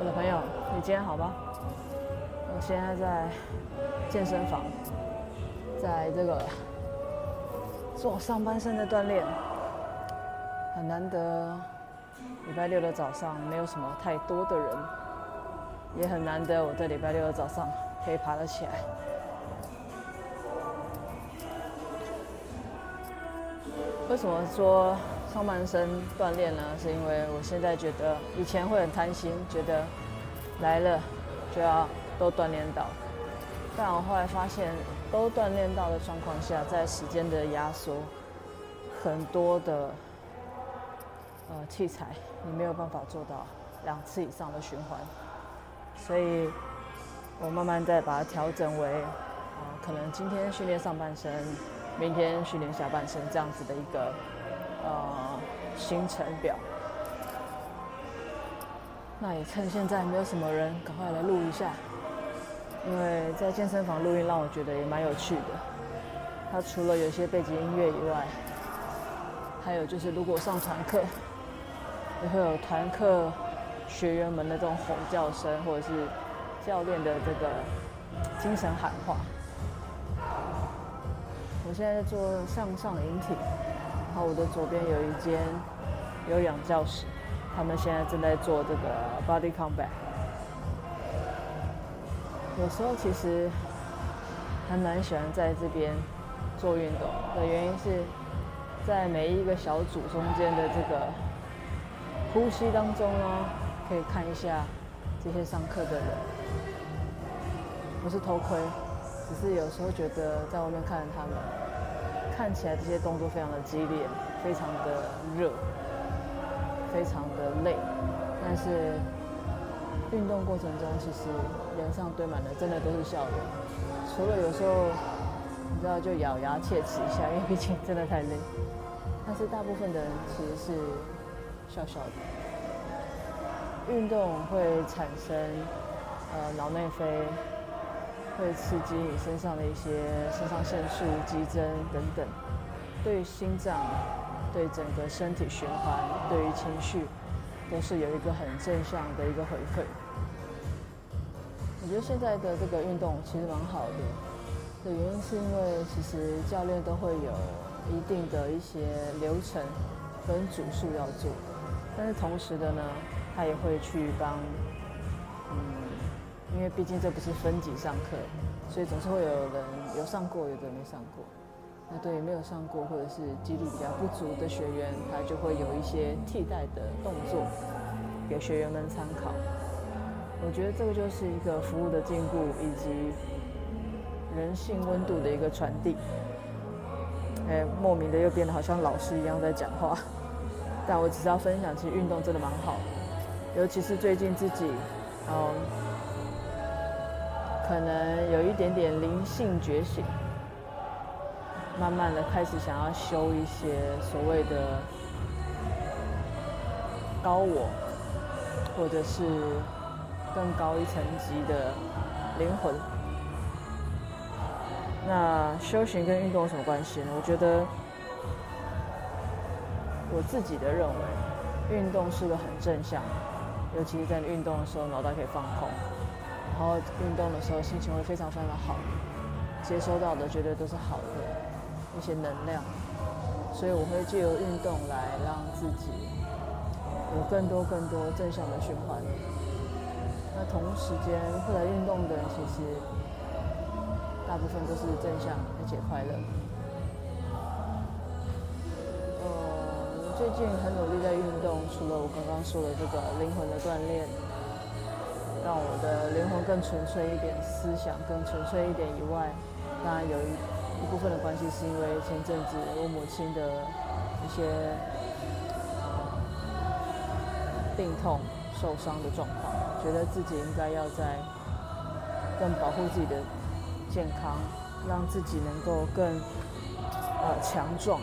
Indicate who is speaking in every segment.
Speaker 1: 我的朋友，你今天好嗎？我現在在健身房，在這個做上半身的鍛鍊，很難得，禮拜六的早上沒有什麼太多的人，也很難得我在禮拜六的早上可以爬得起來。為什麼說？上半身鍛鍊呢，是因為我現在覺得以前會很貪心，覺得來了就要都鍛鍊到。但我後來發現，都鍛鍊到的狀況下，在時間的壓縮，很多的呃器材你沒有辦法做到兩次以上的循環，所以我慢慢再把它調整為，呃，可能今天訓練上半身，明天訓練下半身這樣子的一個。呃，行程表。那也趁現在沒有什麼人，趕快來錄一下。因為在健身房錄音，讓我覺得也蠻有趣的。它除了有一些背景音樂以外，還有就是如果上團課，也會有團課學員們的這種吼叫聲，或者是教練的這個精神喊話。我現在在做向上引體。然後我的左邊有一間有氧教室，他們現在正在做這個 body combat。有時候其實還蠻喜歡在這邊做運動的原因是，在每一個小組中間的這個呼吸當中呢，可以看一下這些上課的人，不是偷窺，只是有時候覺得在外面看着他們。看起來這些動作非常的激烈，非常的熱，非常的累，但是運動過程中其實臉上堆滿的真的都是笑容，除了有時候你知道就咬牙切齒一下，因為畢竟真的太累，但是大部分的人其實是笑笑的。運動會產生呃腦內啡。會刺激你身上的一些腎上腺素激增等等，對於心臟、對整個身體循環、對於情緒，都是有一個很正向的一個回饋。我覺得現在的這個運動其實蠻好的，的原因是因為其實教練都會有一定的一些流程跟組數要做，但是同時的呢，他也會去幫嗯。因為畢竟這不是分級上課，所以總是會有人有上過，有的沒上過。那對沒有上過或者是肌力比較不足的學員，他就會有一些替代的動作給學員們參考。我覺得這個就是一個服務的進步，以及人性溫度的一個傳遞。欸，莫名的又變得好像老師一樣在講話。但我只是要分享，其實運動真的蠻好的，尤其是最近自己，然後，嗯。可能有一點點靈性覺醒，慢慢的開始想要修一些所謂的高我，或者是更高一層級的靈魂。那修行跟運動有什麼關係呢？我覺得我自己的認為，運動是個很正向，尤其是在運動的時候，腦袋可以放空。然後運動的時候，心情會非常非常的好，接收到的絕對都是好的一些能量，所以我會借由運動來讓自己有更多更多正向的循環。那同時間，會來運動的人其實大部分都是正向而且快樂。嗯，最近很努力在運動，除了我剛剛說的這個靈魂的鍛煉。讓我的靈魂更純粹一點，思想更純粹一點以外，當然有一一部分的關係，是因為前陣子我母親的一些、嗯、病痛、受傷的狀況，覺得自己應該要再更保護自己的健康，讓自己能夠更呃強壯，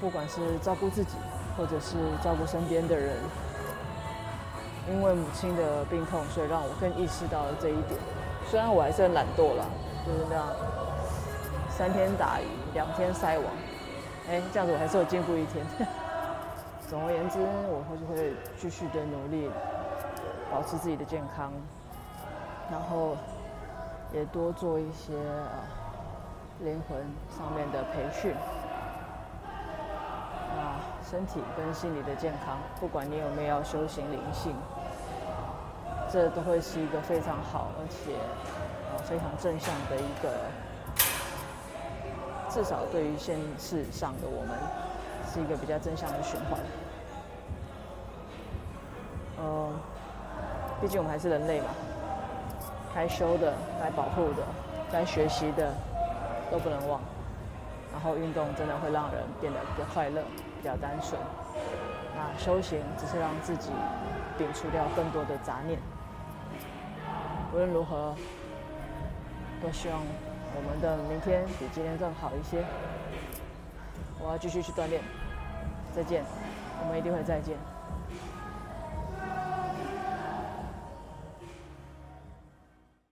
Speaker 1: 不管是照顧自己，或者是照顧身邊的人。因為母親的病痛，所以讓我更意識到了這一點。雖然我還是很懶惰啦，就是那樣，三天打魚兩天曬網。哎，這樣子我還是有進步一天。呵呵。總而言之，我會會繼續的努力，保持自己的健康，然後也多做一些啊、呃、靈魂上面的培訓。啊，身體跟心理的健康，不管你有沒有要修行靈性，啊，這都會是一個非常好，而且呃、啊、非常正向的一個，至少對於現世上的我們，是一個比較正向的循環。嗯，畢竟我們還是人類嘛，該修的、該保護的、該學習的，都不能忘。然後運動真的會讓人變得比較快樂、比較單純。那修行只是讓自己摒除掉更多的雜念。無論如何，都希望我們的明天比今天更好一些。我要繼續去鍛鍊。再見，我們一定會再見。